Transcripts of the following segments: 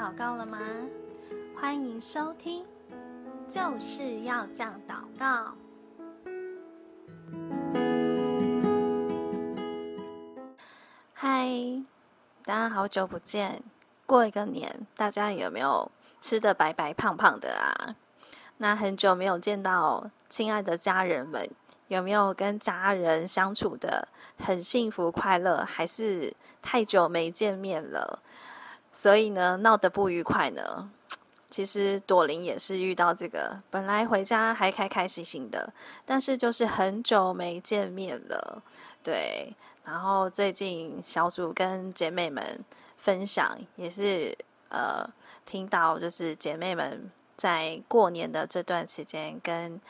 禱告了嗎？歡迎收聽，就是要這樣禱告。嗨，大家好久不見！過一個年，大家有沒有吃得白白胖胖的啊？那很久沒有見到親愛的家人們，有沒有跟家人相處得很幸福快樂？還是太久沒見面了？所以呢，鬧得不愉快呢。其實朵琳也是遇到這個，本來回家還開開心心的，但是就是很久沒見面了，對。然後最近小組跟姐妹們分享，也是呃，聽到就是姐妹們在過年的這段時間跟。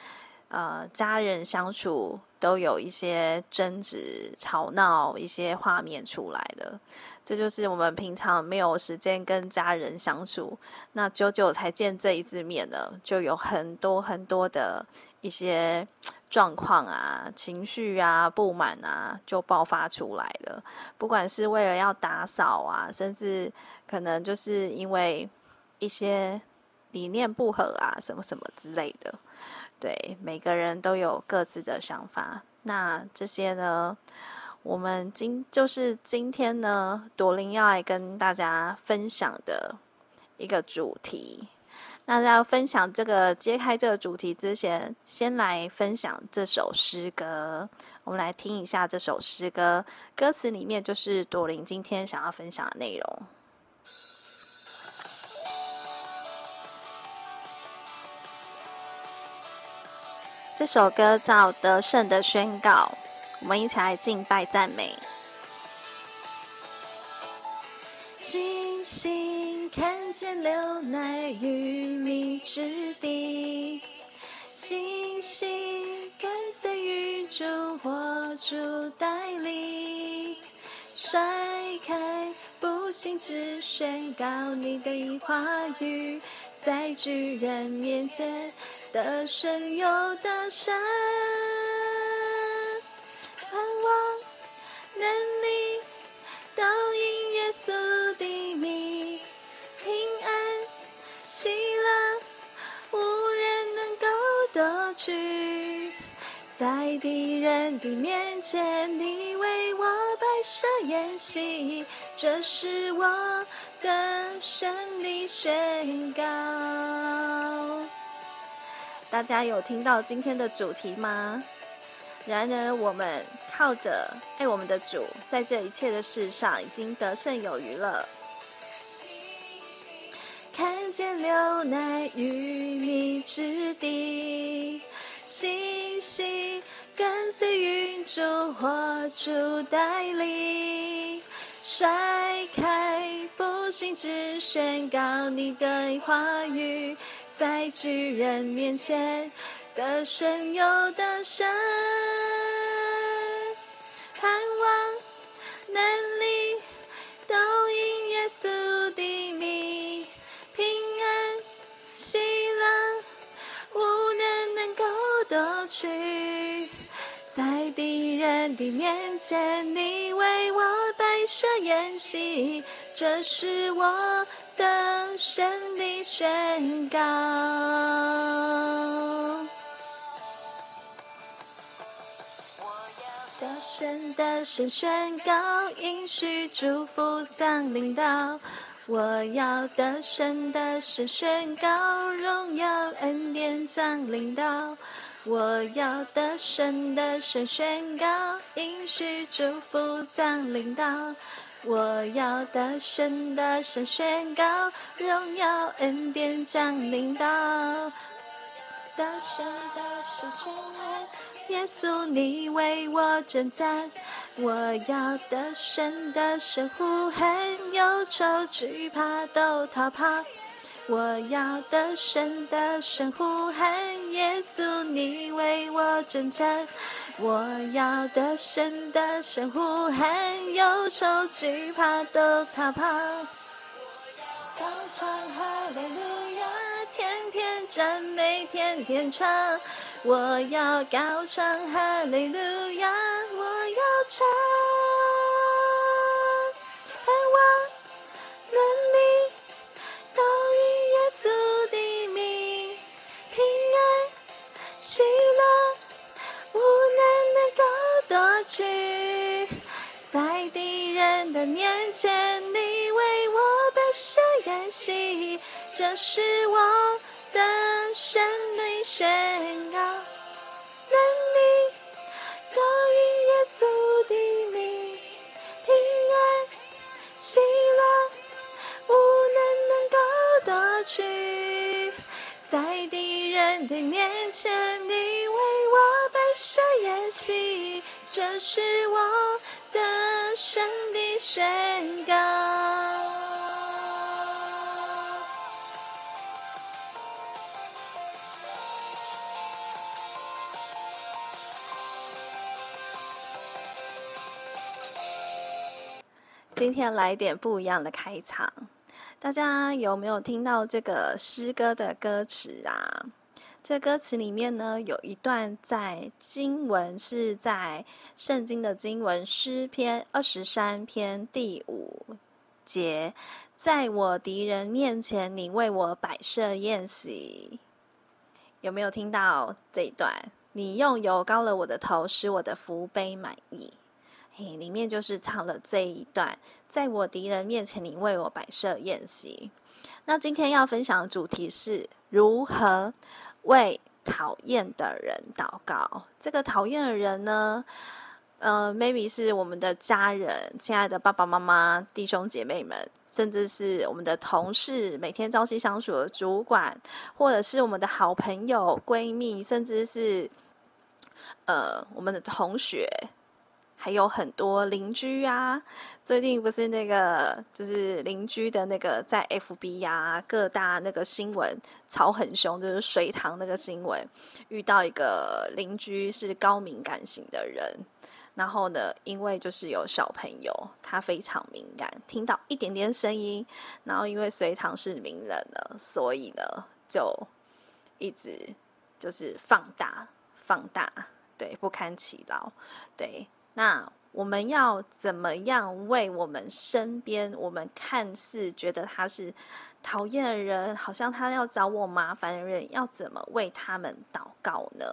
呃，家人相處都有一些爭執、吵鬧，一些畫面出來的，這就是我們平常沒有時間跟家人相處，那久久才見這一次面了，就有很多很多的一些狀況啊、情緒啊、不滿啊，就爆發出來了。不管是為了要打掃啊，甚至可能就是因為一些理念不合啊，什麼什麼之類的。對，每個人都有各自的想法。那這些呢，我們今就是今天呢，朵琳要來跟大家分享的一個主題。那在要分享這個，揭開這個主題之前，先來分享這首詩歌。我們來聽一下這首詩歌，歌詞裡面就是朵琳今天想要分享的內容。這首歌叫《得勝的宣告》，我們一起來敬拜讚美。星星看見流奶與蜜之地，星星跟隨宇宙，活出帶領甩開不幸之宣告，你的話語在巨人面前。得勝有得勝，盼望能力都因耶穌的名，平安喜樂無人能夠奪去。在敵人的面前，你為我擺設筵席，這是我的勝利宣告。大家有聽到今天的主題嗎？然而，我們靠着愛我們的主，在這一切的事上已經得勝有餘了。看見流奶與蜜之地，星星跟隨雲柱火柱帶領甩開不信之宣告你的話語。在巨人面前，得勝有得勝。盼望、能力都因耶穌的名，平安、喜樂無人能夠奪取。在敵人的面前，你為我擺設筵席，這是我。得勝的宣告，我要得勝的宣告，應許祝福降臨到，我要得勝的宣告，榮耀恩典降臨到，我要得勝的宣告，應許祝福降臨到。我要得勝得勝宣告，榮耀恩典降臨到。得勝得勝宣告，耶穌你為我爭戰。我要得勝得勝呼喊，憂愁懼怕都逃跑。我要得勝得勝呼喊，耶穌你為我爭戰。我要大聲大聲呼喊，憂愁懼怕都逃跑。我要高唱哈利路亞，天天讚美天天唱。我要高唱，要唱哈利路亞，我要唱。盼望能力都因耶穌的名，平安喜樂在敵人的面前，你為我擺設筵席，這是我的生命宣告。能力高舉耶穌的名，平安喜樂，無人能、能夠奪取。在敵人的面前，你為我擺設筵席。這是我的得勝宣告。今天來一點不一樣的開場，大家有沒有聽到這個詩歌的歌詞啊？這歌詞裡面呢，有一段在經文是在聖經的經文詩篇二十三篇第五節，在我敵人面前，你為我擺設筵席。有沒有聽到這一段？你用油膏了我的頭，使我的福杯滿溢。嘿，裡面就是唱了這一段，在我敵人面前，你為我擺設筵席。那今天要分享的主題是如何。為討厭的人禱告。這個討厭的人呢，呃，maybe 是我們的家人，親愛的爸爸媽媽、弟兄姐妹們，甚至是我們的同事，每天朝夕相處的主管，或者是我們的好朋友、閨蜜，甚至是呃，我們的同學。還有很多鄰居啊！最近不是那個，就是鄰居的那個在 FB 呀，各大那個新聞吵很凶，就是隋棠那個新聞，遇到一個鄰居是高敏感型的人，然後呢，因為就是有小朋友，他非常敏感，聽到一點點聲音，然後因為隋棠是名人了，所以呢，就一直就是放大放大，對，不堪其擾，對。那我們要怎麼樣為我們身邊我們看似覺得他是討厭的人，好像他要找我麻煩的人，要怎麼為他們禱告呢？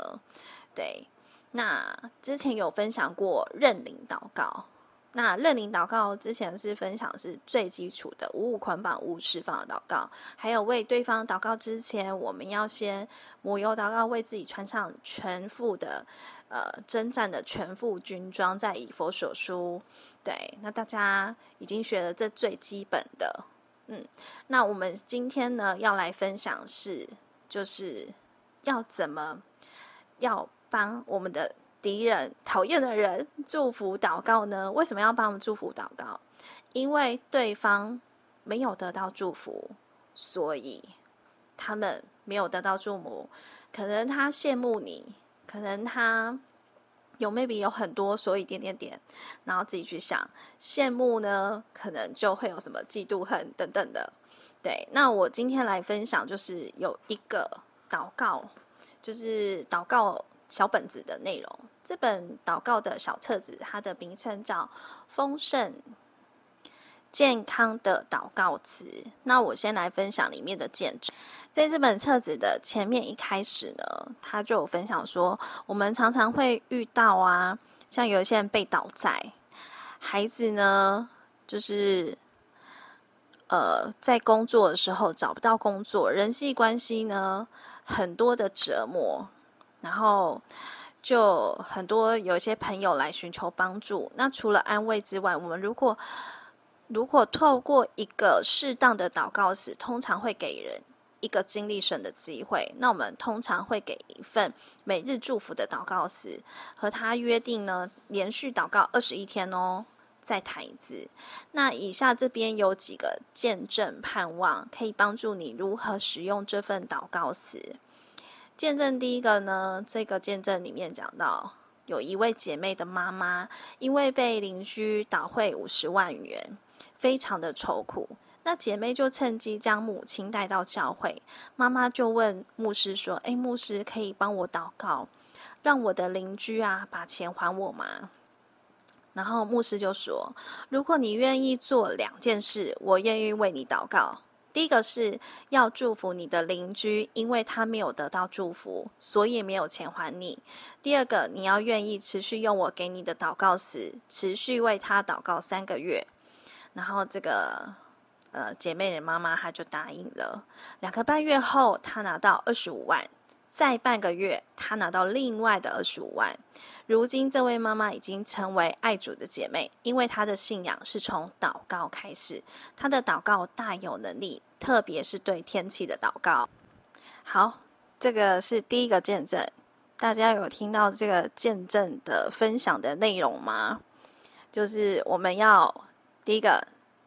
對，那之前有分享過認領禱告，那認領禱告之前是分享是最基礎的五五捆綁五五釋放的禱告，還有為對方禱告之前，我們要先抹油禱告，為自己穿上全副的。呃，爭戰的全副軍裝，在以弗所書。對，那大家已經學了這最基本的，嗯，那我們今天呢要來分享是，就是要怎麼要幫我們的敵人、討厭的人祝福禱告呢？為什麼要幫我們祝福禱告？因為對方沒有得到祝福，所以他們沒有得到祝福，可能他羨慕你。可能他有 maybe 有很多，所以點點點，然後自己去想。羨慕呢，可能就會有什麼嫉妒、恨等等的。對，那我今天來分享，就是有一個禱告，就是禱告小本子的內容。這本禱告的小冊子，它的名稱叫《豐盛》健康的禱告詞。那我先來分享裡面的見證。在這本冊子的前面一開始呢，他就有分享說，我們常常會遇到啊，像有一些人被倒債，孩子呢，就是呃，在工作的時候找不到工作，人際關係呢很多的折磨，然後就很多有一些朋友來尋求幫助。那除了安慰之外，我們如果如果透過一個適當的禱告詞，通常會給人一個經歷神的機會。那我們通常會給一份每日祝福的禱告詞，和他約定呢，連續禱告二十一天哦，再談一次。那以下這邊有幾個見證盼望，可以幫助你如何使用這份禱告詞。見證第一個呢，這個見證裡面講到，有一位姐妹的媽媽，因為被鄰居倒賄五十萬元。非常的愁苦，那姐妹就趁機將母親帶到教會。媽媽就問牧師說：“誒，牧師可以幫我禱告，讓我的鄰居啊把錢還我嗎？”然後牧師就說：“如果你願意做兩件事，我願意為你禱告。第一個是要祝福你的鄰居，因為他沒有得到祝福，所以沒有錢還你。第二個，你要願意持續用我給你的禱告詞，持續為他禱告三個月。”然後這個呃，姐妹的媽媽她就答應了。兩個半月後，她拿到二十五萬；再半個月，她拿到另外的二十五萬。如今，這位媽媽已經成為愛主的姐妹，因為她的信仰是從禱告開始，她的禱告大有能力，特別是對天氣的禱告。好，這個是第一個見證。大家有聽到這個見證的分享的內容嗎？就是我們要。第一個，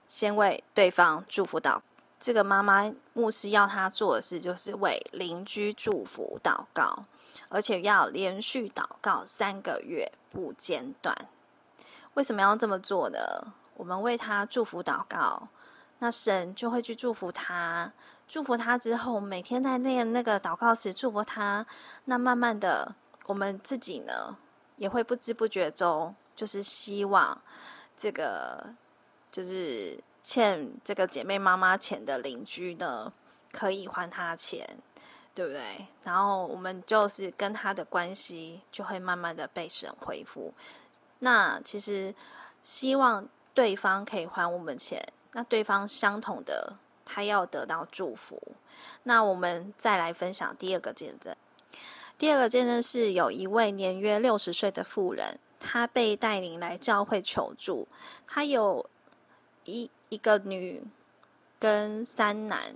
先為對方祝福禱告。這個媽媽牧師要她做的事，就是為鄰居祝福禱告，而且要連續禱告三個月不間斷。為什麼要這麼做呢？我們為他祝福禱告，那神就會去祝福他。祝福他之後，每天在念那個禱告時祝福他。那慢慢的，我們自己呢，也會不知不覺中，就是希望這個。就是欠這個姐妹媽媽錢的鄰居呢，可以還她錢，對不對？然後我們就是跟她的關係就會慢慢的被神恢復。那其實希望對方可以還我們錢，那對方相同的他要得到祝福。那我們再來分享第二個見證。第二個見證是有一位年約六十歲的婦人，她被帶領來教會求助，她有。一，一個女跟三男，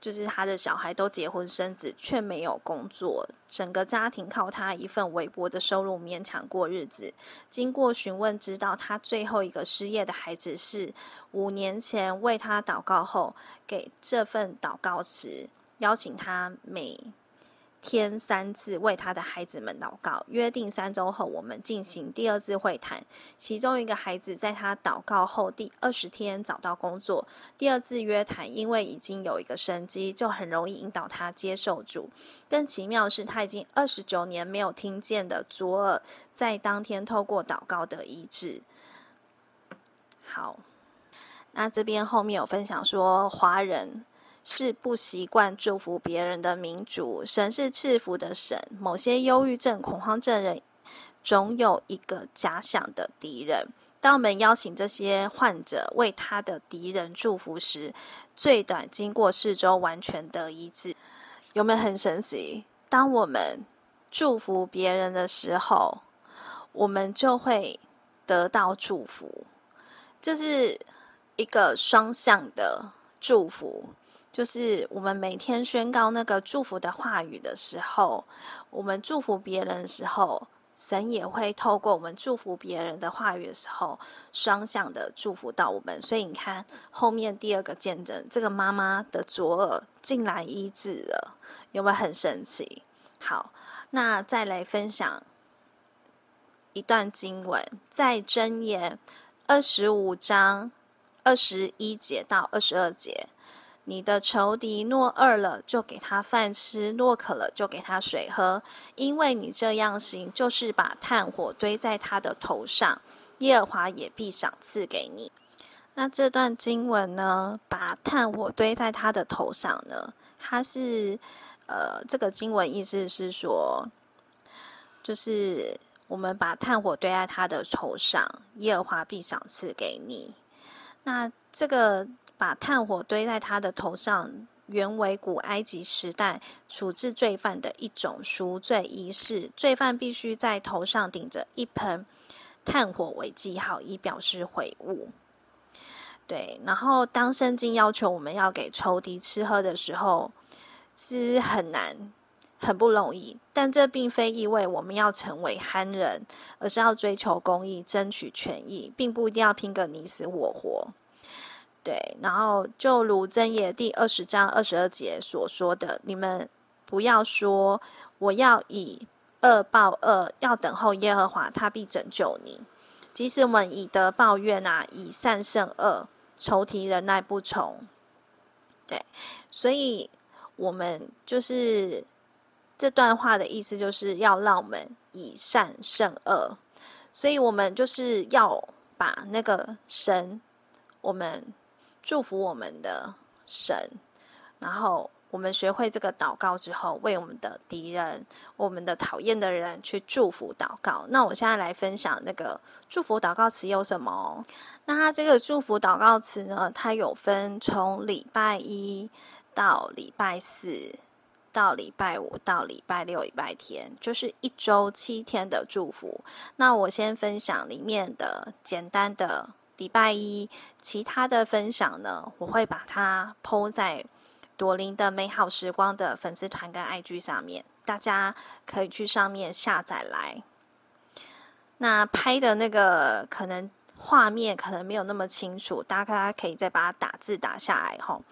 就是她的小孩都結婚生子，卻沒有工作，整個家庭靠她一份微薄的收入勉強過日子。經過詢問，知道她最後一個失業的孩子是五年前為她禱告後，給這份禱告詞邀請她每。天三次為他的孩子們禱告，約定三周後我們進行第二次會談。其中一個孩子在他禱告後第二十天找到工作。第二次約談，因為已經有一個生機，就很容易引導他接受主。更奇妙是，他已經二十九年沒有聽見的左耳，在當天透過禱告的醫治。好，那這邊後面有分享說，華人是不習慣祝福別人的民族。神是賜福的神。某些憂鬱症、恐慌症人，總有一個假想的敵人。當我們邀請這些患者為他的敵人祝福時，最短經過四周完全得醫治。有沒有很神奇？當我們祝福別人的時候，我們就會得到祝福，這是一個雙向的祝福。就是我們每天宣告那個祝福的話語的時候，我們祝福別人的時候，神也會透過我們祝福別人的話語的時候，雙向的祝福到我們。所以你看，後面第二個見證，這個媽媽的左耳竟然醫治了，有沒有很神奇？好，那再來分享一段經文，在箴言二十五章二十一節到二十二節。你的仇敵若餓了，就給他飯吃；若渴了，就給他水喝。因為你這樣行，就是把炭火堆在他的頭上，耶和華也必賞賜給你。那這段經文呢，把炭火堆在他的頭上呢？它是，呃，這個經文意思是說，就是我們把炭火堆在他的頭上，耶和華必賞賜給你。那這個。把炭火堆在他的頭上，原為古埃及時代處置罪犯的一種贖罪儀式。罪犯必須在頭上頂着一盆炭火為記號，以表示悔悟。對，然後當聖經要求我們要給仇敵吃喝的時候，是很難、很不容易。但這並非意味我們要成為憨人，而是要追求公義、爭取權益，並不一定要拼個你死我活。對，然後就如箴言第二十章二十二節所說的，你們不要說我要以惡報惡，要等候耶和華，他必拯救你。即使我們以德報怨啊，以善勝惡，仇敵忍耐不從。對，所以我們就是這段話的意思，就是要讓我們以善勝惡。所以我們就是要把那個神，我們。祝福我們的神，然後我們學會這個禱告之後，為我們的敵人、我們的討厭的人去祝福禱告。那我現在來分享那個祝福禱告詞有什麼哦？那它這個祝福禱告詞呢，它有分從禮拜一到禮拜四，到禮拜五到禮拜六、禮拜天，就是一週七天的祝福。那我先分享裡面的簡單的。禮拜一，其他的分享呢，我會把它鋪在朵琳的美好時光的粉絲團跟 IG 上面，大家可以去上面下載來。那拍的那個可能畫面可能沒有那麼清楚，大家可以再把它打字打下來。吼、哦，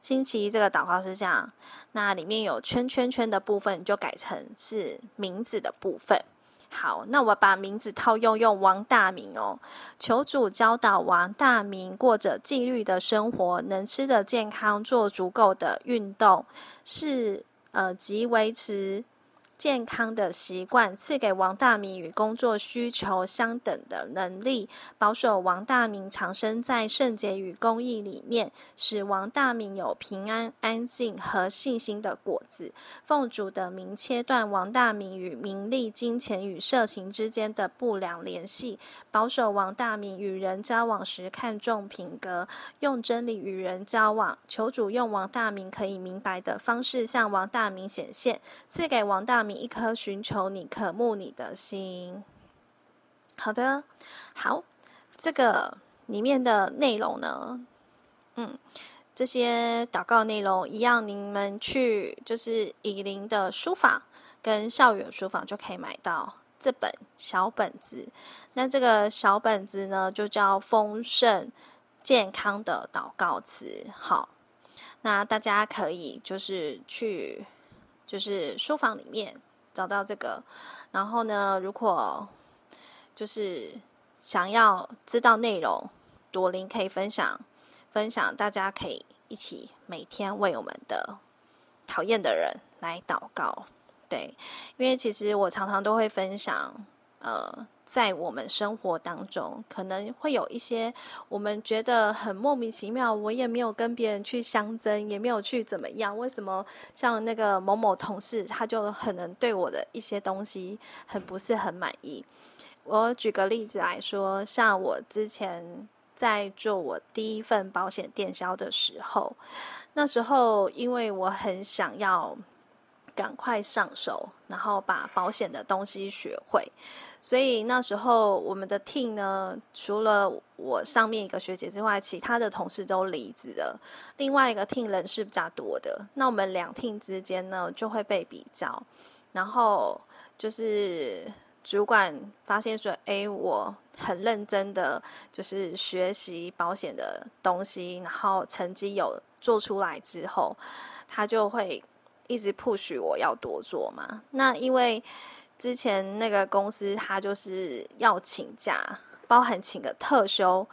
星期一這個禱告是這樣，那裡面有圈圈圈的部分，就改成是名字的部分。好，那我把名字套用用王大明哦，求主教導王大明過着紀律的生活，能吃得健康，做足夠的運動，是，呃，即維持健康的習慣，賜給王大明與工作需求相等的能力，保守王大明長生在聖潔與公益裡面，使王大明有平安、安靜和信心的果子。奉主的名切斷王大明與名利、金錢與色情之間的不良聯繫，保守王大明與人交往時看重品格，用真理與人交往。求主用王大明可以明白的方式向王大明顯現，賜給王大明一顆尋求你、渴慕你的心。好的，好，這個裡面的內容呢，嗯，這些禱告內容一樣，你們去就是以林的書房跟校園書房就可以買到這本小本子。那這個小本子呢，就叫《豐盛健康的禱告詞》。好，那大家可以就是去。就是書房裡面找到這個，然後呢，如果就是想要知道內容，朵琳可以分享，分享大家可以一起每天為我們的討厭的人來禱告，對，因為其實我常常都會分享，呃。在我們生活當中，可能會有一些我們覺得很莫名其妙。我也沒有跟別人去相爭，也沒有去怎麼樣。為什麼像那個某某同事，他就可能對我的一些東西很不是很滿意？我舉個例子來說，像我之前在做我第一份保險電銷的時候，那時候因為我很想要，趕快上手，然後把保險的東西學會。所以那時候我們的 team 呢，除了我上面一個學姐之外，其他的同事都離職了。另外一個 team 人是比較多的，那我們兩 team 之間呢，就會被比較。然後就是主管發現說：“誒，我很認真的就是學習保險的東西，然後成績有做出來之後，他就會。”一直 push 我要多做嘛？那因為之前那個公司，他就是要請假，包含請個特休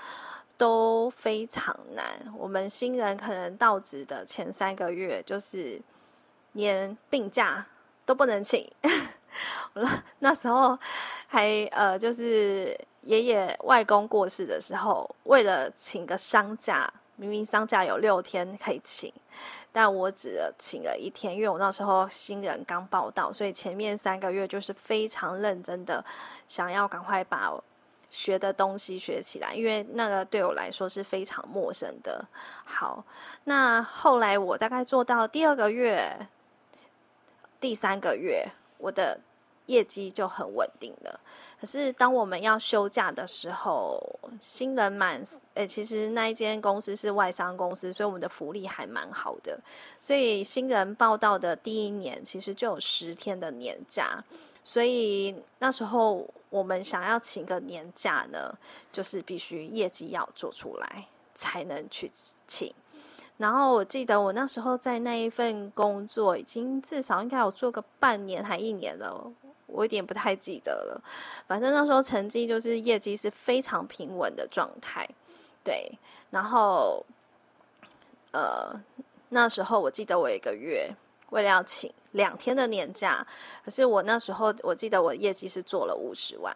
都非常難。我們新人可能到職的前三個月，就是連病假都不能請。 那時候還呃，就是爺爺外公過世的時候，為了請個喪假。明明喪假有六天可以請，但我只請了一天，因為我那時候新人剛報到，所以前面三個月就是非常認真的，想要趕快把學的東西學起來，因為那個對我來說是非常陌生的。好，那後來我大概做到第二個月、第三個月，我的。業績就很穩定了。可是當我們要休假的時候，新人滿誒、欸，其實那一間公司是外商公司，所以我們的福利還蠻好的。所以新人報到，的第一年，其實就有十天的年假。所以那時候我們想要請個年假呢，就是必須業績要做出來才能去請。然後我記得我那時候在那一份工作，已經至少應該有做個半年還一年了。我有點不太記得了，反正那時候成績就是業績是非常平穩的狀態，對。然後，呃，那時候我記得我一個月為了要請兩天的年假，可是我那時候我記得我業績是做了五十萬，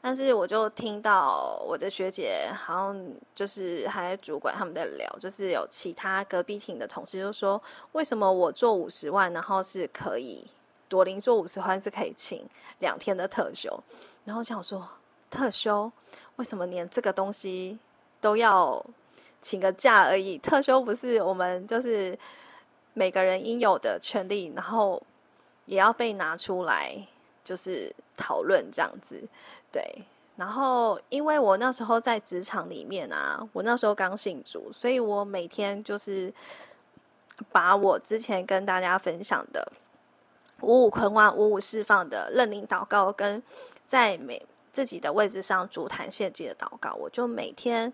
但是我就聽到我的學姐，好像就是還有主管他們在聊，就是有其他隔壁廳的同事就說，為什麼我做五十萬，然後是可以。朵琳做五十環是可以請兩天的特休，然後想說特休為什麼連這個東西都要請個假而已？特休不是我們就是每個人應有的權利，然後也要被拿出來就是討論這樣子，對。然後因為我那時候在職場裡面啊，我那時候剛信主，所以我每天就是把我之前跟大家分享的，五五捆綁，五五釋放的認領禱告，跟在每自己的位置上築壇獻祭的禱告，我就每天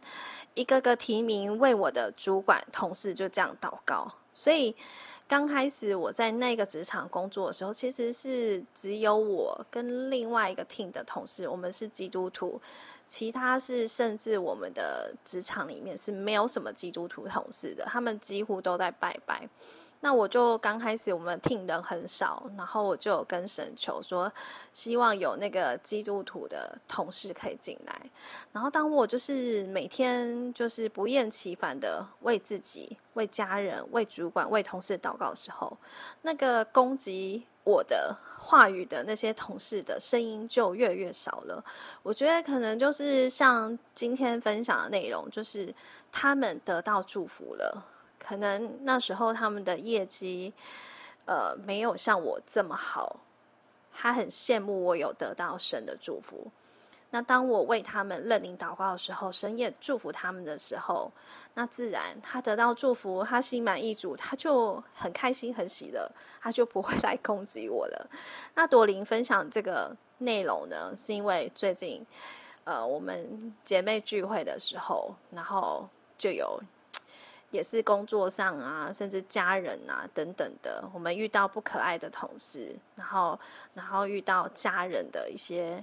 一個個提名為我的主管同事，就這樣禱告。所以剛開始我在那個職場工作的時候，其實是只有我跟另外一個 team 的同事，我們是基督徒，其他是甚至我們的職場裡面是沒有什麼基督徒同事的，他們幾乎都在拜拜。那我就剛開始我們聽人很少，然後我就有跟神求說，希望有那個基督徒的同事可以進來。然後當我就是每天就是不厭其煩的為自己、為家人、為主管、為同事禱告的時候，那個攻擊我的話語的那些同事的聲音就越越少了。我覺得可能就是像今天分享的內容，就是他們得到祝福了。可能那時候他們的業績，呃，沒有像我這麼好。他很羨慕我有得到神的祝福。那當我為他們認領禱告的時候，神也祝福他們的時候，那自然他得到祝福，他心滿意足，他就很開心、很喜樂，他就不會來攻擊我了。那朵琳分享這個內容呢，是因為最近呃，我們姐妹聚會的時候，然後就有。也是工作上啊，甚至家人啊等等的，我們遇到不可愛的同事，然後然後遇到家人的一些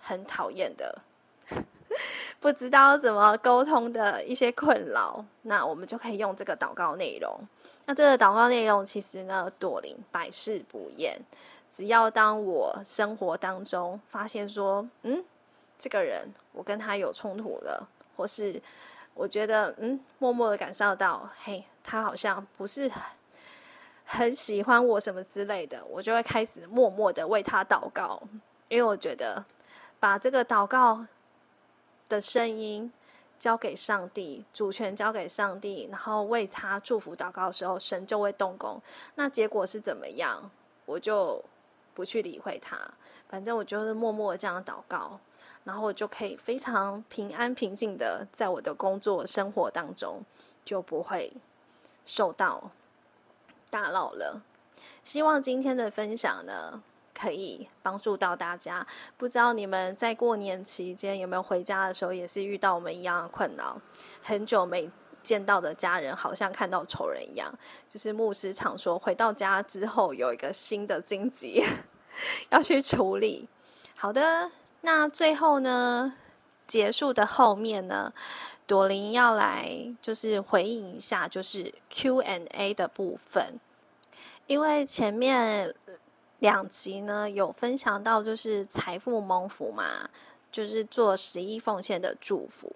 很討厭的，呵呵不知道怎麼溝通的一些困擾，那我們就可以用這個禱告內容。那這個禱告內容其實呢，朵琳百試不厭。只要當我生活當中發現說，嗯，這個人我跟他有衝突了，或是。我覺得，嗯，默默的感受到，嘿，他好像不是很很喜歡我什麼之類的，我就會開始默默的為他禱告，因為我覺得把這個禱告的聲音交給上帝，主權交給上帝，然後為他祝福禱告的時候，神就會動工。那結果是怎麼樣，我就不去理會他，反正我就是默默的這樣禱告。然後我就可以非常平安平靜的在我的工作生活當中，就不會受到打擾了。希望今天的分享呢，可以幫助到大家。不知道你們在過年期間有沒有回家的時候，也是遇到我們一樣的困擾，很久沒見到的家人，好像看到仇人一樣。就是牧師常說，回到家之後有一個新的荊棘要去處理。好的。那最後呢，結束的後面呢，朵琳要來就是回應一下，就是 Q and A 的部分，因為前面兩集呢有分享到就是財富蒙福嘛，就是做十一奉獻的祝福。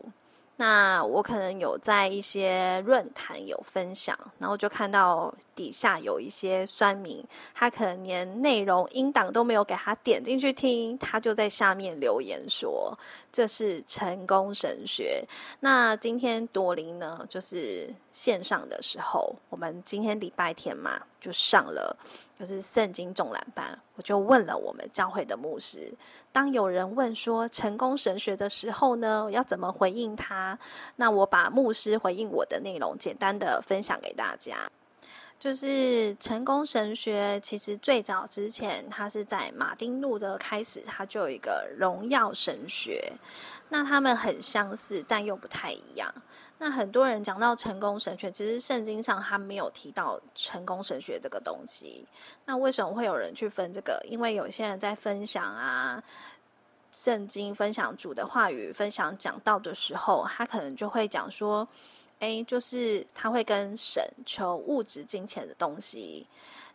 那我可能有在一些論壇有分享，然後就看到底下有一些酸民，他可能連內容音檔都沒有給他點進去聽，他就在下面留言說這是成功神學。那今天朵琳呢，就是線上的時候，我們今天禮拜天嘛，就上了。就是聖經綜覽班，我就問了我們教會的牧師，當有人問說成功神學的時候呢，要怎麼回應他？那我把牧師回應我的內容簡單的分享給大家。就是成功神學，其實最早之前，它是在馬丁路德開始，它就有一個榮耀神學。那他們很相似，但又不太一樣。那很多人講到成功神學，其實聖經上他沒有提到成功神學這個東西。那為什麼會有人去分這個？因為有些人在分享啊，聖經分享主的話語，分享講道的時候，他可能就會講說。哎，就是他會跟神求物質金錢的東西，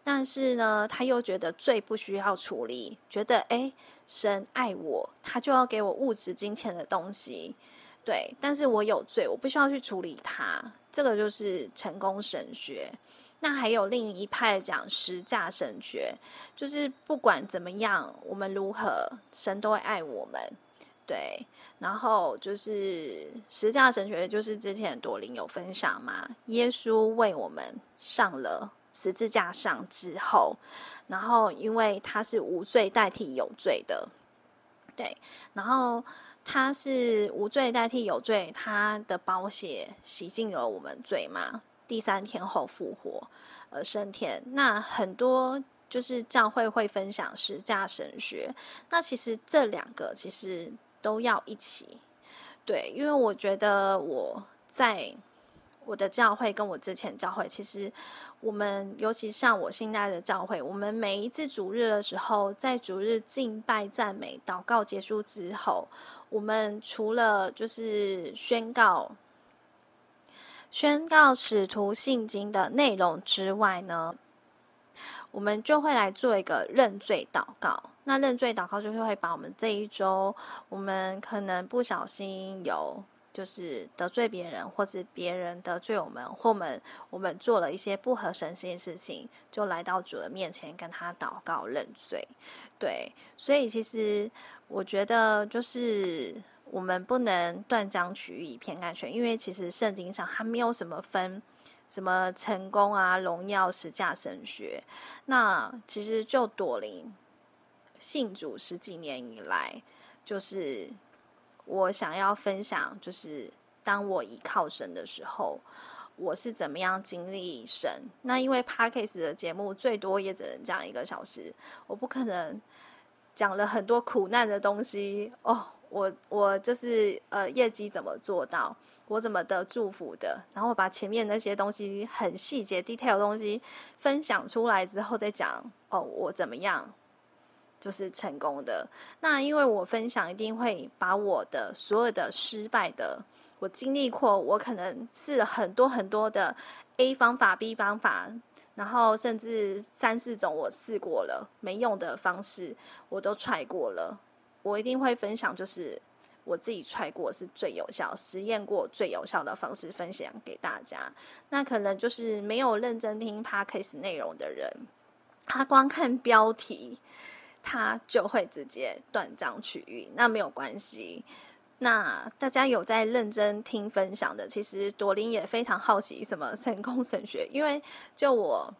但是呢，他又覺得罪不需要處理，覺得誒，A，神愛我，他就要給我物質金錢的東西，對，但是我有罪，我不需要去處理他，這個就是成功神學。那還有另一派講實價神學，就是不管怎麼樣，我們如何，神都會愛我們。對，然後就是十架神學，就是之前朵琳有分享嘛，耶穌為我們上了十字架上之後，然後因為他是無罪代替有罪的，對，然後他是無罪代替有罪，他的寶血洗淨了我們罪嘛，第三天後復活而升天。那很多就是教會會分享十架神學，那其實這兩個其實。都要一起，對，因為我覺得我在我的教會跟我之前教會，其實我們尤其像我現在的教會，我們每一次主日的時候，在主日敬拜、讚美、禱告結束之後，我們除了就是宣告宣告使徒信經的內容之外呢，我們就會來做一個認罪禱告。那認罪禱告就是會把我們這一周，我們可能不小心有就是得罪別人，或是別人得罪我們，或我們我們做了一些不合神心的事情，就來到主的面前跟他禱告認罪。對，所以其實我覺得就是我們不能斷章取義、以偏概全，因為其實聖經上它沒有什麼分什麼成功啊、榮耀、十架神學。那其實就朵琳。信主十幾年以來，就是我想要分享，就是當我依靠神的時候，我是怎麼樣經歷神？那因為 Podcast 的節目最多也只能講一個小時，我不可能講了很多苦難的東西哦。我我就是呃，業績怎麼做到？我怎麼得祝福的？然後我把前面那些東西很細節 detail 的東西分享出來之後，再講哦，我怎麼樣？就是成功的。那因為我分享一定會把我的所有的失敗的，我經歷過，我可能試了很多很多的 A 方法、B 方法，然後甚至三四種我試過了沒用的方式，我都踹過了。我一定會分享，就是我自己踹過是最有效，實驗過最有效的方式，分享給大家。那可能就是沒有認真聽 Podcast 內容的人，他光看標題。他就會直接斷章取義，那沒有關係。那大家有在認真聽分享的，其實朵琳也非常好奇什麼成功神學，因為就我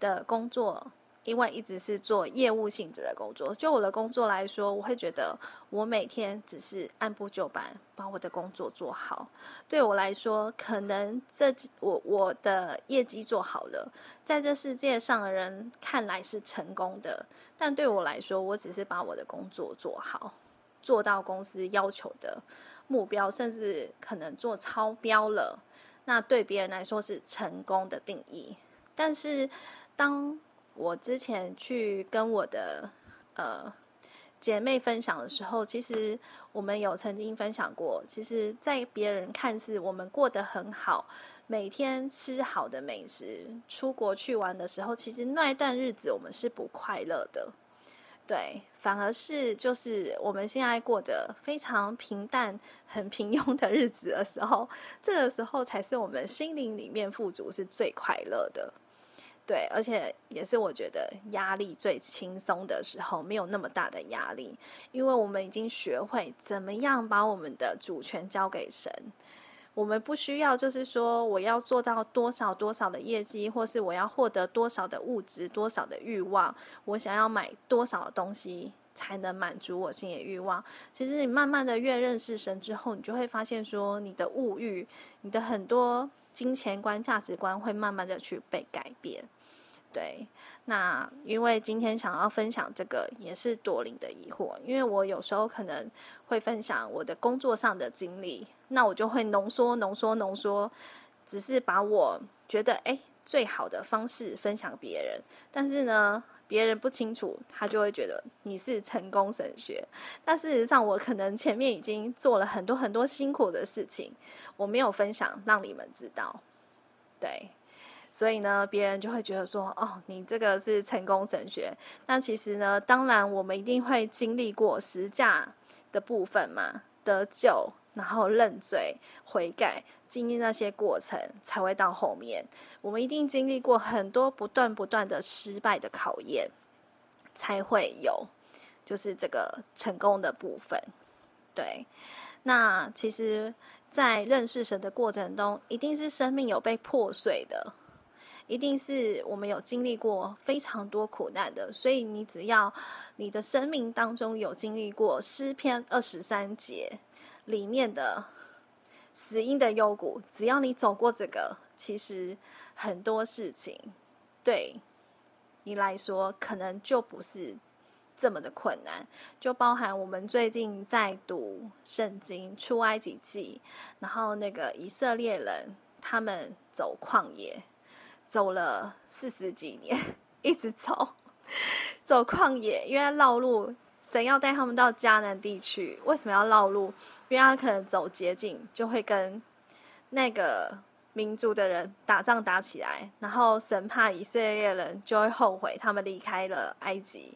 的工作，因為一直是做業務性質的工作，就我的工作來說，我會覺得我每天只是按部就班把我的工作做好。對我來說，可能這我我的業績做好了，在這世界上的人看來是成功的，但對我來說，我只是把我的工作做好，做到公司要求的目標，甚至可能做超標了。那對別人來說是成功的定義，但是當我之前去跟我的呃姐妹分享的時候，其實我們有曾經分享過。其實，在別人看似我們過得很好，每天吃好的美食、出國去玩的時候，其實那一段日子我們是不快樂的。對，反而是就是我們現在過得非常平淡、很平庸的日子的時候，這個時候才是我們心靈裡面富足是最快樂的。對，而且也是我覺得壓力最輕鬆的時候，沒有那麼大的壓力，因為我們已經學會怎麼樣把我們的主權交給神，我們不需要就是說我要做到多少多少的業績，或是我要獲得多少的物質，多少的慾望，我想要買多少的東西才能滿足我心的慾望。其實你慢慢的越認識神之後，你就會發現說你的物慾，你的很多金錢觀、價值觀會慢慢的去被改變。對，那因為今天想要分享這個也是朵琳的疑惑，因為我有時候可能會分享我的工作上的經歷，那我就會濃縮、濃縮、濃縮，只是把我覺得哎最好的方式分享別人，但是呢，別人不清楚，他就會覺得你是成功神學，但事實上我可能前面已經做了很多很多辛苦的事情，我沒有分享讓你們知道，對。所以呢，別人就會覺得說：“哦，你這個是成功神學。”那其實呢，當然我們一定會經歷過十架的部分嘛，得救，然後認罪悔改，經歷那些過程，才會到後面。我們一定經歷過很多不斷不斷的失敗的考驗，才會有就是這個成功的部分。對，那其實，在認識神的過程中，一定是生命有被破碎的。一定是我們有經歷過非常多苦難的，所以你只要你的生命當中有經歷過詩篇二十三節裡面的死蔭的幽谷，只要你走過這個，其實很多事情對你來說可能就不是這麼的困難。就包含我們最近在讀聖經出埃及記，然後那個以色列人他們走曠野，走了四十幾年，一直走，走曠野，因為繞路。神要帶他們到迦南地區，為什麼要繞路？因為他可能走捷徑，就會跟那個民族的人打仗打起來，然後神怕以色列人就會後悔他們離開了埃及。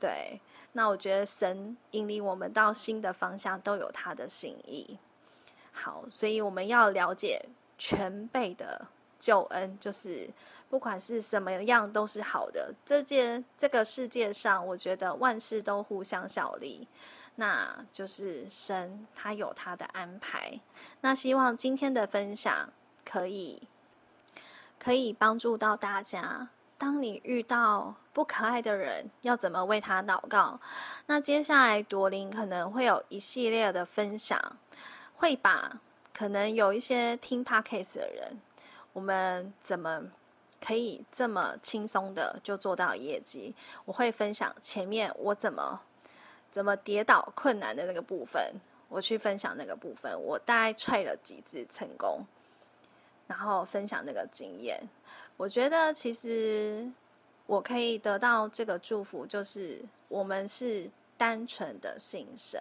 對，那我覺得神引領我們到新的方向，都有他的心意。好，所以我們要了解全備的，救恩，就是，不管是什麼樣，都是好的。這件這個世界上，我覺得萬事都互相效力，那就是神他有他的安排。那希望今天的分享可以可以幫助到大家。當你遇到不可愛的人，要怎麼為他禱告？那接下來，朵琳可能會有一系列的分享，會把可能有一些聽 Podcast 的人。我們怎麼可以這麼輕鬆的就做到業績？我會分享前面我怎麼怎麼跌倒困難的那個部分，我去分享那個部分，我大概踹了幾次成功，然後分享那個經驗。我覺得其實我可以得到這個祝福，就是我們是單純的信神。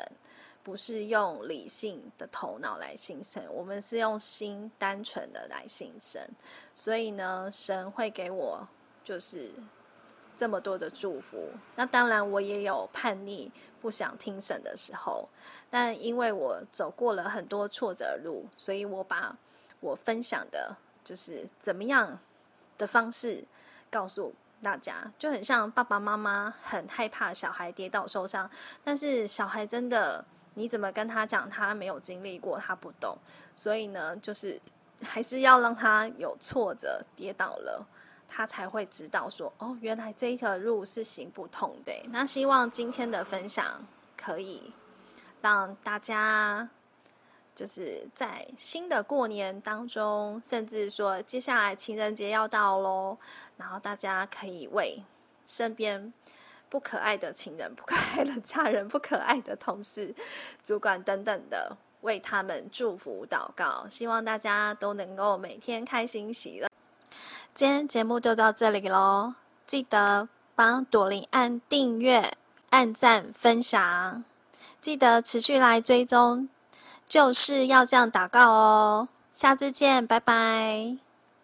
不是用理性的頭腦來信神，我們是用心單純的來信神，所以呢，神會給我就是這麼多的祝福。那當然，我也有叛逆、不想聽神的時候，但因為我走過了很多挫折路，所以我把我分享的，就是怎麼樣的方式告訴大家，就很像爸爸媽媽很害怕小孩跌倒受傷，但是小孩真的。你怎麼跟他講？他沒有經歷過，他不懂。所以呢，就是還是要讓他有挫折、跌倒了，他才會知道說，哦，原來這一條路是行不通的。那希望今天的分享可以讓大家，就是在新的過年當中，甚至說接下來情人節要到咯，然後大家可以為身邊。不可愛的情人、不可愛的家人、不可愛的同事、主管等等的，為他們祝福禱告，希望大家都能夠每天開心喜樂。今天節目就到這裡嘍，記得幫朵琳按訂閱、按讚、分享，記得持續來追蹤，就是要這樣禱告哦。下次見，拜拜。